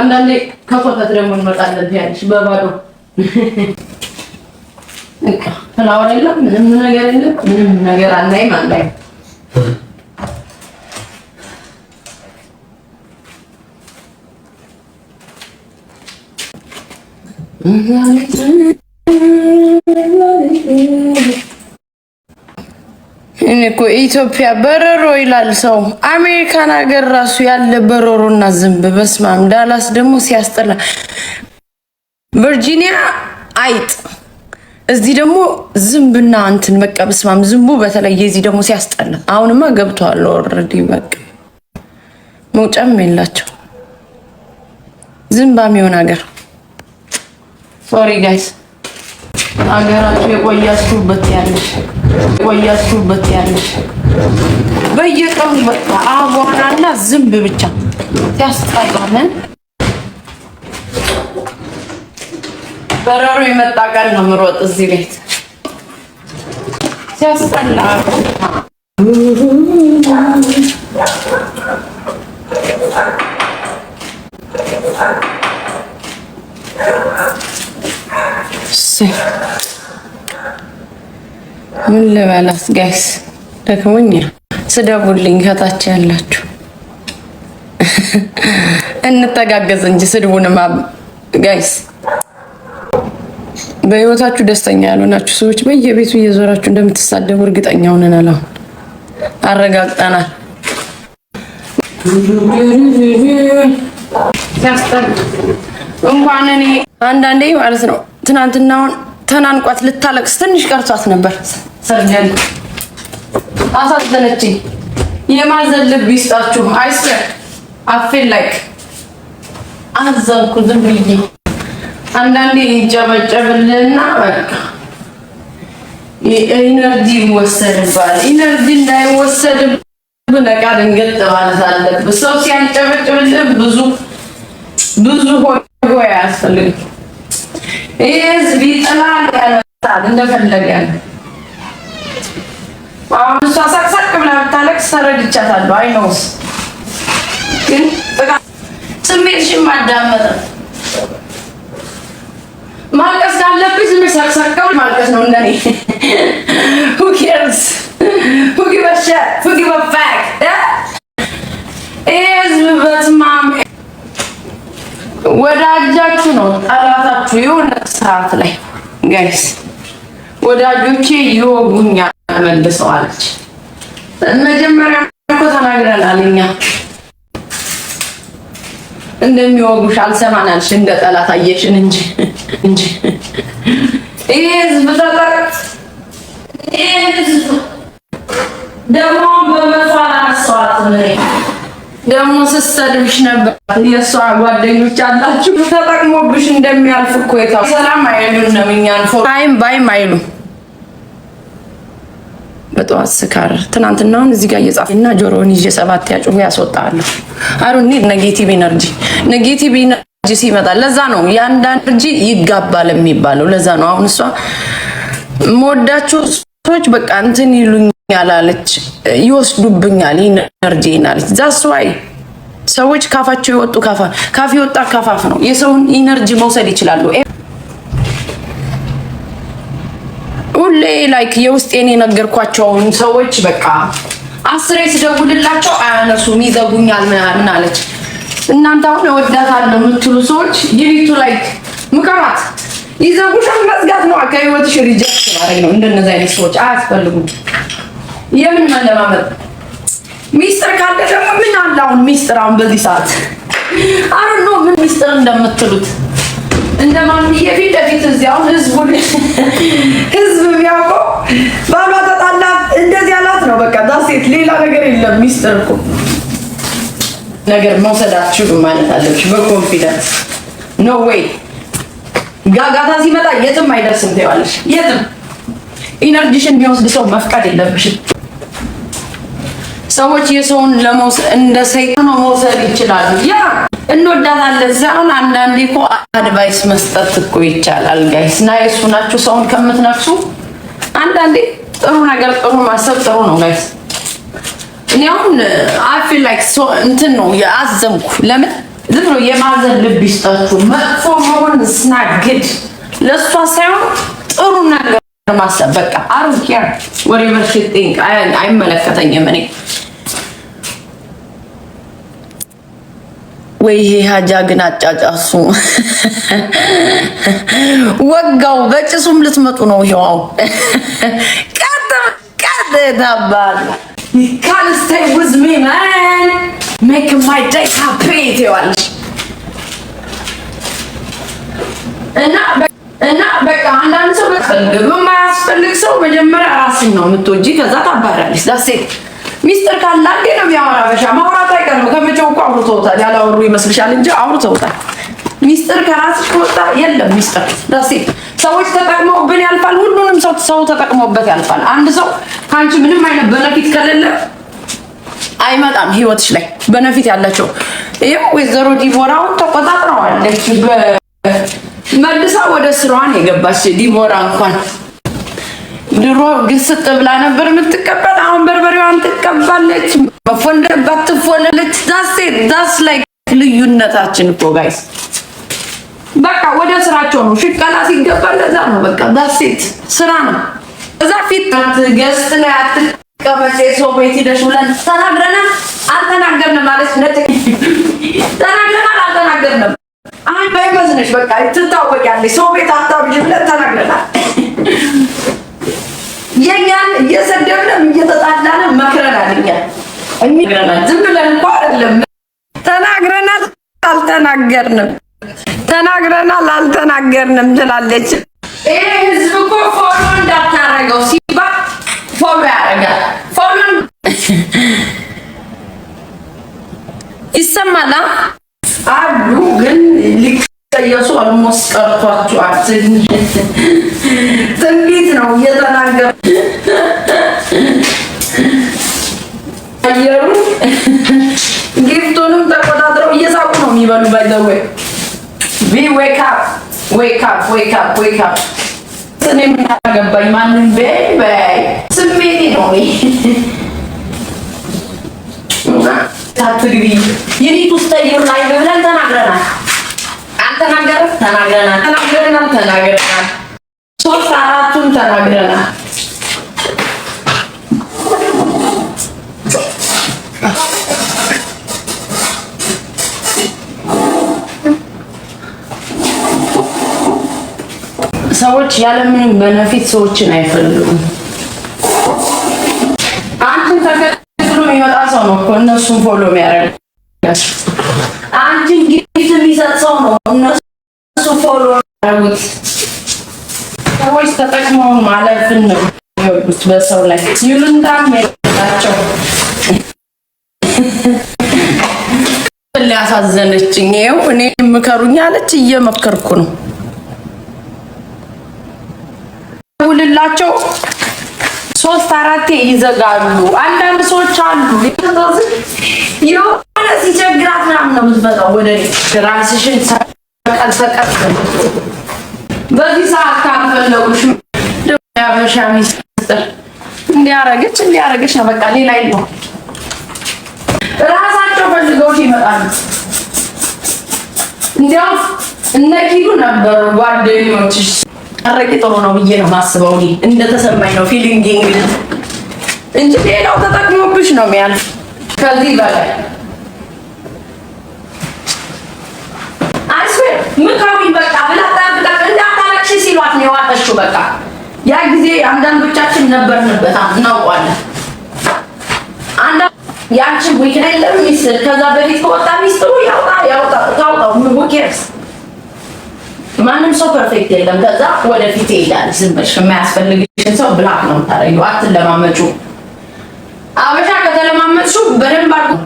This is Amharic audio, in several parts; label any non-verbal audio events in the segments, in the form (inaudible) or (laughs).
አንዳንዴ ከቆተት ደግሞ እንመጣለን ያለሽ በባዶ በቃ ፍላወር የለም ምንም ነገር የለም ምንም ነገር አናይም አናይም። እኮ ኢትዮጵያ በረሮ ይላል ሰው። አሜሪካን ሀገር ራሱ ያለ በረሮና ዝንብ በስማም። ዳላስ ደግሞ ሲያስጠላ። ቨርጂኒያ አይጥ፣ እዚህ ደግሞ ዝንብና እንትን በቃ በስማም። ዝንቡ በተለይ እዚህ ደግሞ ሲያስጠላ። አሁንማ ገብተዋል ኦልሬዲ በቃ መውጫም የላቸው ዝንባ የሚሆን ሀገር ሶሪ ጋይስ አገራችሁ የቆያችሁበት ያለሽ የቆያችሁበት ያለሽ በየቀኑ በቃ አቧራና ዝንብ ብቻ ሲያስጠላን በረሮ የመጣ ቀን ነው ምሮጥ እዚህ ቤት ሲያስጠላ ምን ልበላት ጋይስ፣ ደክሞኝ ስደቡልኝ። ከታች ያላችሁ እንተጋገዝ እንጂ ስድቡንማ ጋይስ። በህይወታችሁ ደስተኛ ያልሆናችሁ ሰዎች በየቤቱ እየዞራችሁ እንደምትሳደቡ እርግጠኛ ሆነናል። አሁን አረጋግጠናል። እንኳን እኔ አንዳንዴ ማለት ነው ትናንትናውን ተናንቋት ልታለቅስ ትንሽ ቀርቷት ነበር። ሰርጀን አሳዘነችኝ። የማዘን ልብ ይስጣችሁ። አይስ አፌን ላይክ አዘንኩ። ዝም ብዬ አንዳንዴ ይጨበጨብልንና በቃ ኢነርጂ ይወሰድባል። ኢነርጂ እንዳይወሰድብን በቃ ድንገት ማለት አለብን። ሰው ሲያንጨበጭብልን ብዙ ብዙ ሆይ ሆይ አያስፈልግም። ይህ ህዝብ ይጥላል፣ እንደፈለገ ያለ አሁን እሷ ሳቅሳቅ ብላ ብታለቅስ ተረድቻታለሁ። አይነውስ ግን ስሜትሽን ማዳመጥ ማልቀስ ካለብሽ ዝም ሳቅሳቅ ማልቀስ ነው እንደኔ ሁኬርስ ሁጊ በሸ ሁጊ በፋቅ ይህ ህዝብ በትማሜ ወዳጃችሁ ነው ጠላታችሁ። የሆነ ሰዓት ላይ ጋይስ ወዳጆቼ ይወጉኛል መልሰው አለች። መጀመሪያ እኮ ተናግረናል እኛ እንደሚወጉሽ አልሰማን አልሽ። እንደ ጠላት አየሽን እንጂ እንጂ ይሄ ህዝብ ተጠቅት ይሄ ህዝብ ደግሞ በመቷ አላነሳዋትም። ደግሞ ስትሰድብሽ ነበር። የእሷ ጓደኞች አላችሁ ተጠቅሞብሽ እንደሚያልፍ እኮ የታው ሰላም አይሉንም። እኛን ባይም ባይም አይሉ በጠዋት ስካር ትናንትናውን እዚህ ጋር እየጻፍ እና ጆሮውን ይዤ ሰባት ያጩሁ ያስወጣለሁ። አሩኒ ኔጌቲቭ ኤነርጂ ኔጌቲቭ ኤነርጂ ሲመጣ ለዛ ነው የአንድ ኢነርጂ ይጋባል የሚባለው። ለዛ ነው አሁን እሷ መወዳችሁ ሰዎች በቃ እንትን ይሉኛል አለች፣ ይወስዱብኛል ኢነርጂን አለች። ዛስ ዋይ ሰዎች ካፋቸው የወጡ ካፋ ካፍ የወጣ ካፋፍ ነው። የሰውን ኢነርጂ መውሰድ ይችላሉ። ሁሌ ላይክ የውስጤን የነገርኳቸውን ሰዎች በቃ አስሬ ስደውልላቸው አያነሱም፣ ይዘጉኛል ምናምን አለች። እናንተ አሁን እወዳታለሁ የምትሉ ሰዎች ዩኒቱ ላይክ ምከራት ይዘጉሻል። መዝጋት ነው ከህይወትሽ ሪጀክት ማድረግ ነው። እንደነዚህ አይነት ሰዎች አያስፈልጉም። የምን መለማመጥ ሚስጥር ካለ ደግሞ ምን አለ አሁን ሚስጥር አሁን በዚህ ሰዓት አረ ነው ምን ሚስጥር እንደምትሉት እንደማን ፊት ለፊት እዚህ አሁን ህዝብ የሚያውቀው ባሏ ተጣላ እንደዚህ አላት ነው በቃ ዳሴት ሌላ ነገር የለም። ሚስጥር እኮ ነገር መውሰድ ማለት አለብሽ በኮንፊደንስ ኖ ዌይ ጋጋታ ሲመጣ የትም አይደርስም ትይዋለሽ። የትም ኢነርጂሽን ቢወስድ ሰው መፍቀድ የለብሽም። ሰዎች የሰውን እንደ ሰይጣን መውሰድ ይችላሉ። ያ እንወዳታለን ሳይሆን አንዳንዴ እኮ አድቫይስ መስጠት እኮ ይቻላል። ጋይስ ናይሱ ናችሁ። ሰውን ከምትነክሱ አንዳንዴ ጥሩ ነገር ጥሩ ማሰብ ጥሩ ነው ጋይስ። እኔ አሁን አይ ፊል ላይክ እንትን ነው የአዘምኩ ለምን ዝም ብሎ የማዘን ልብ ይስጣችሁ። መጥፎ መሆን ስናግድ ለእሷ ሳይሆን ጥሩ ነገር ማሰብ በቃ አሩኪያ ወሬ መርሽት አይመለከተኝም። እኔ ወይ ይሄ ሀጃ ግን አጫጫሱ ወጋው በጭሱም ልትመጡ ነው። ይሄው ቀጥ ቀጥ ታባል ካንስቴ ውዝሜ ማን ሜክ ማይ ዳይ ሳፕሬት ይዋልሽ እና እና በቃ አንዳንድ ሰው በፈልገው የማያስፈልግ ሰው መጀመሪያ ራስን ነው የምትወጂ፣ ከዛ ታባራለሽ። ዳሴት ሚስጥር ካለ ነው የሚያወራ በሻ ማውራት አይቀርም። ከመቼው እኮ አውርተውታል። ያላወሩ ይመስልሻል እንጂ አውርተውታል። ሚስጥር ከራስሽ ከወጣ የለም ሚስጥር። ዳሴት ሰዎች ተጠቅመውብን ያልፋል። ሁሉንም ሰው ሰው ተጠቅመውበት ያልፋል። አንድ ሰው ከአንቺ ምንም አይነት በረኪት ከሌለ አይመጣም ህይወትሽ ላይ በነፊት ያላቸው ይህም ወይዘሮ ዲቦራውን ተቆጣጥረዋለች። መልሳ ወደ ስራዋን የገባች ዲቦራ እንኳን ድሮ ግስጥ ብላ ነበር የምትቀበል። አሁን በርበሬዋን ትቀባለች። መፎንደር ባትፎለለች። ዳሴ ዳስ ላይ ልዩነታችን እኮ ጋይስ በቃ ወደ ስራቸው ነው። ሽቀላ ሲገባ ለዛ ነው። በቃ ዳሴት ስራ ነው። እዛ ፊት ገስት ላይ አትል ቀመሴ ሰው ቤት ሄደሽ ብለን ተናግረናል። አልተናገርንም ማለት ነት ተናግረናል። አልተናገርንም። አይ ባይመዝነሽ በቃ ትታወቂያለሽ። ሰው ቤት አታብዥ ብለን ተናግረናል። የኛን እየሰደብንም እየተጣላንም መክረናል። እኛ ዝም ብለን እኮ አይደለም ተናግረናል። አልተናገርንም ተናግረናል። አልተናገርንም ትላለች። ይሄ ህዝብ እኮ ፎሎ እንዳታረገው ሲባል ፎሎ ያደርጋል። ፎሎን ይሰማላ አሉ ግን ሊቀየሱ አልሞስት ቀርቷቸዋል። ትንቢት ነው እየተናገሩ አየሩ ጊፍቱንም ተቆጣጥረው እየሳቁ ነው የሚበሉ ባይዘወ ቢ ዌክ አፕ ዌክ አፕ ዌክ አፕ ዌክ አፕ እኔ ምን አገባኝ ማንም በይ በይ ቆይ ታትግቢ የቤት ውስጥ ላይ ብለን ተናግረናል። አልተናገርም ተናግረናል። ተናግረናል ተናግረናል። ሶስት አራቱን ተናግረናል። ሰዎች ያለምንም በነፊት ሰዎችን አይፈልጉም። እነሱን ፎሎ የሚያደርግ አንቺን ጊፍት የሚሰጥ ሰው ነው። እነሱ ፎሎ ያደረጉት ሰዎች ተጠቅመው ማለፍን ነው የሚወዱት። በሰው ላይ ይሉንታም የላቸው ሊያሳዘነችኝ ይኸው እኔ ምከሩኝ አለች። እየመከርኩ ነው ውልላቸው ሶስት አራቴ ይዘጋሉ። አንዳንድ ሰዎች አሉ የሆነ ሲቸግራት ምናምን ነው የምትመጣው ወደ ራስሽን ሰቀል ሰቀል በዚህ ሰዓት ካልፈለጉሽ ያበሻ ሚስጥር እንዲያረገች እንዲያረገች ነው በቃ ሌላ ይሉ ራሳቸው ፈልገውሽ ይመጣሉ። እንዲያውም እነ ኪዱ ነበሩ ጓደኞችሽ መጠረቂ ጥሩ ነው ብዬ ነው ማስበው። እንደተሰማኝ ነው ፊሊንግ እንግዲህ እንጂ ሌላው ተጠቅሞብሽ ነው የሚያልፍ ከዚህ በላይ አይስዌር ምክራዊ በቃ ብላ ብላጣብጣ እንዳታለቅሽ ሲሏት ነው የዋጠችው። በቃ ያ ጊዜ አንዳንዶቻችን ነበርንበት እናውቋለን። አንዳ ያንቺ ዊክ አይደለም ለምን ከዛ በፊት ከወጣ ሚስጥሩ ያውጣ ያውጣ ታውጣው ምን ዊክ ማንም ሰው ፐርፌክት የለም። ከዛ ወደፊት ይሄዳል። ዝም ብለሽ የማያስፈልግሽን ሰው ብላክ ነው የምታደርጊው። አትለማመጩ። አበሻ ከተለማመጹ በደንብ አድርጎ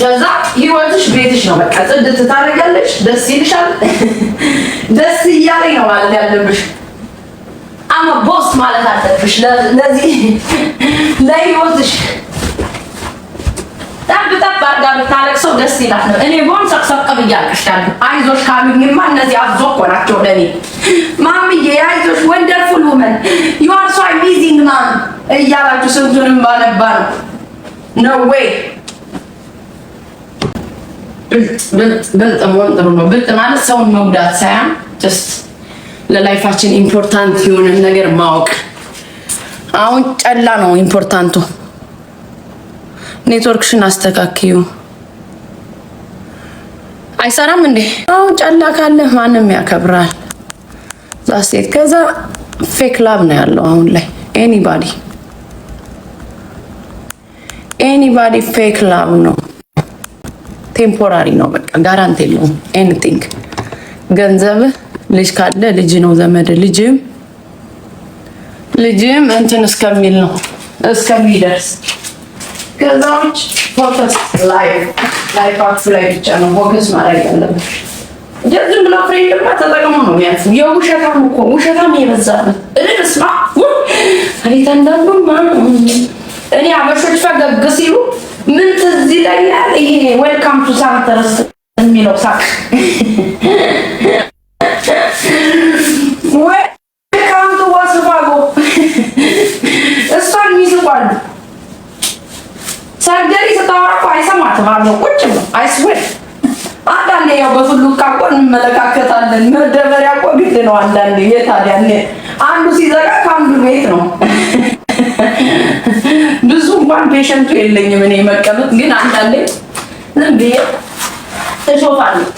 ከዛ ህይወትሽ ቤትሽ ነው። በቃ ጽድት ትታረጋለሽ። ደስ ይልሻል። (laughs) ደስ እያለኝ ነው ማለት ያለብሽ። አማ ቦስ ማለት አለብሽ ለዚህ ለህይወትሽ ጠብ ጠብ አድርጋ ብታለቅሰው ደስ ይላት ነው። እኔ ቦን ሰቅሰቅ ብዬ አልቅሻለሁ። አይዞሽ ካሉኝማ እነዚህ አዞ እኮ ናቸው ለእኔ። ማምዬ አይዞሽ ወንደርፉል ውመን ዩ አር ሶ አሜዚንግ ማም እያላችሁ ስንቱንም ባነባ ነው ነው ወይ ብልጥ መሆን ጥሩ ነው። ብልጥ ማለት ሰውን መጉዳት ሳይሆን ጀስት ለላይፋችን ኢምፖርታንት የሆነ ነገር ማወቅ። አሁን ጨላ ነው ኢምፖርታንቱ። ኔትወርክሽን አስተካክዩ። አይሰራም እንዴ? አሁን ጨላ ካለ ማንም ያከብራል። ዛሴት ከዛ ፌክ ላብ ነው ያለው አሁን ላይ ኤኒባዲ ኤኒባዲ ፌክ ላብ ነው። ቴምፖራሪ ነው በቃ ጋራንቲ የለውም። ኤኒቲንግ ገንዘብ ልጅ ካለ ልጅ ነው ዘመድ ልጅም ልጅም እንትን እስከሚል ነው እስከሚደርስ ከዛ ውጭ ፎከስ ላይፍ ላይፋችሁ ላይ ብቻ ነው ፎከስ ማድረግ ያለበት። ዝም ብለው ፍሬንድማ ተጠቅሞ ነው የሚያልፉ። የውሸታም እኮ ውሸታም የበዛበት ስማ፣ አቤት አንዳንዱማ እኔ አበሾች ፈገግ ሲሉ ምን ትዝ ይለኛል። ይሄ ዌልካም ቱ ሳንተርስ የሚለው ሳቅ እንመለካከታለን። መደበሪያ እኮ ግድ ነው። አንዳንድ የታዲያ አንዱ ሲዘጋ ከአንዱ ቤት ነው። ብዙ እንኳን ፔሸንቱ የለኝም እኔ መቀመጥ፣ ግን አንዳንዴ ዝም ብዬ እሾፋለሁ።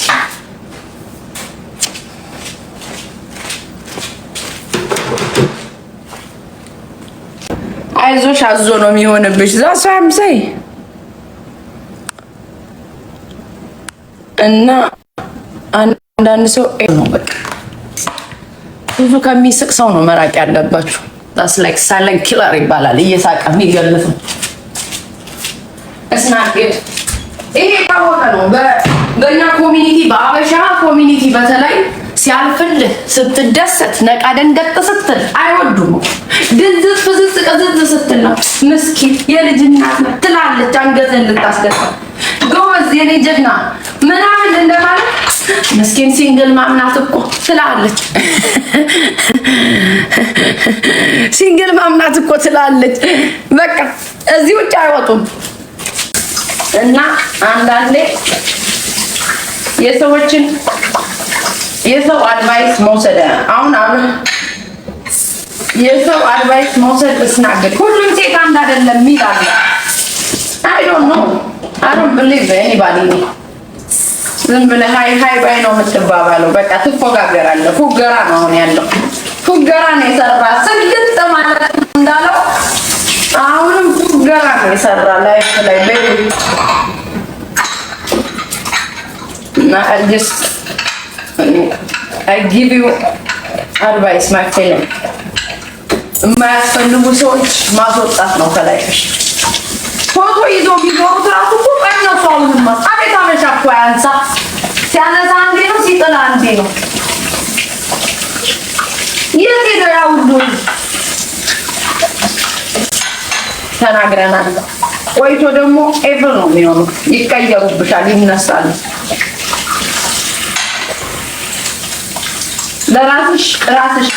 አይዞሽ አዞ ነው የሚሆንብሽ። ዛ ሳምሰይ እና አንዳንድ ሰው ነው በቃ ብዙ ከሚስቅ ሰው ነው መራቅ ያለባችሁ። ስ ላይክ ሳይለንት ኪለር ይባላል። እየሳቀ የሚገልፍ እስናጌድ ይሄ የታወቀ ነው። በእኛ ኮሚኒቲ፣ በአበሻ ኮሚኒቲ በተለይ ሲያልፍልህ ስትደሰት ነቃ ደንገጥ ስትል አይወዱም። ድንዝዝ ፍዝዝ ቅዝዝ ስትል ነው ምስኪን የልጅና ትላለች አንገዘን ልታስገባ ጎበዝ የኔ ጀግና ምናምን እንደማለት ምስኪን ሲንግል ማምናት እኮ ትላለች። ሲንግል ማምናት እኮ ትላለች። በቃ እዚህ ውጭ አይወጡም እና አንዳንዴ የሰዎችን የሰው አድቫይስ መውሰድ አሁን አሁን የሰው አድቫይስ መውሰድ እስናገድ ሁሉም ሴት አንድ አይደለም ይላል። አይ ዶንት ኖ አይ ዶንት ቢሊቭ ኤኒባዲ ዝም ብለህ ሀይ ሀይ ባይ ነው የምትባባለው። በቃ ትፎጋገራለህ። ፉገራ ነው አሁን ያለው ፉገራ ነው የሰራ ስልጥ ማለት እንዳለው አሁንም ፉገራ ነው የሰራ ላይፍ ላይ ቤ እና አልጅስ አይ ዩ አድቫይስ ማይ ፊልም የማያስፈልጉ ሰዎች ማስወጣት ነው ከላይፍሽ ፎቶ ይዘው ቢኖሩት ራሱ እኮ ቀነሱ። አሁንማ አቤት አበሻ እኮ ያንሳ ሲያነሳ አንዴ ነው፣ ሲጥላ አንዴ ነው። የት ሄደ ያ ሁሉ ተናግረናል። ቆይቶ ደግሞ ኤቭ ነው የሚሆነው። ይቀየሩብሻል፣ ይነሳሉ። ለራስሽ ራስሽ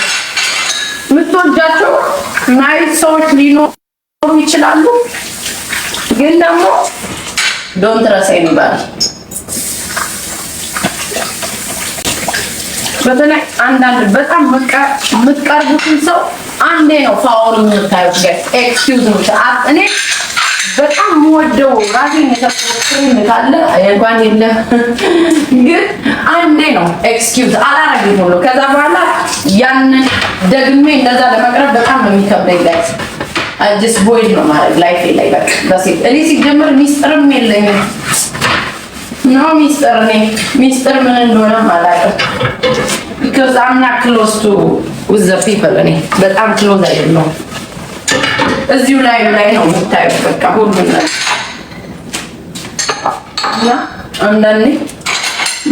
የምትወጃቸው ናይት ሰዎች ሊኖሩ ይችላሉ። ግን ደግሞ ዶንት ረሳ ይባላል። በተለይ አንዳንድ በጣም የምትቀርቡትን ሰው አንዴ ነው ፋውል የምታዩት። ኤክስኪውዝ ነው እኔ በጣም የምወደው ራሴን የተቆጥሩኝ ካለ እንኳን የለም፣ (laughs) ግን አንዴ ነው ኤክስኪውዝ አላረግም ሁሉ ከዛ በኋላ ያንን ደግሜ እንደዛ ለመቅረብ በጣም ነው የሚከብደኝ ላይ አጅስ ቦይድ ነው ማለት ላይፍ ላይ በቃ በሴት እኔ ሲጀምር ሚስጥርም የለኝም። ነው ሚስጥር እኔ ሚስጥር ምን እንደሆነ አላውቅም። ቢኮዝ አምና ክሎዝ ቱ ዊዝ ዘ ፒፕል እኔ በጣም ክሎዝ አይደለሁም። እዚሁ ላይ ላይ ነው የምታዩት በቃ ሁሉ ነገር እና አንዳንዴ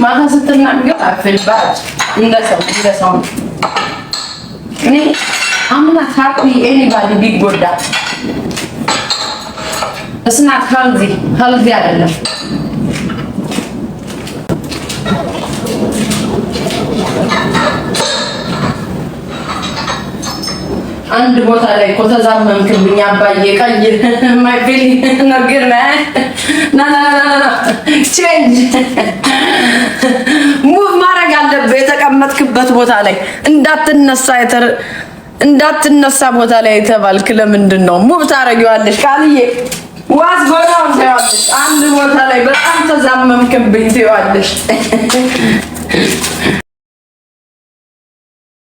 ማታ ስትናገር አፍልባት እንደሰው እንደሰው እኔ I'm not happy ቢጎዳ እስናት ሄልዚ ሄልዚ አይደለም። አንድ ቦታ ላይ እኮ ተዛመምክብኝ አባዬ። ቀይር ማይፊል ነገር ና ና ና ቼንጅ ሙቭ ማድረግ አለብህ። የተቀመጥክበት ቦታ ላይ እንዳትነሳ እንዳትነሳ ቦታ ላይ የተባልክ ለምንድን ነው? ሙብ ታረጊዋለሽ ቃልዬ ዋዝ በጣም ትይዋለሽ። አንድ ቦታ ላይ በጣም ተዛመምክብኝ ትይዋለሽ።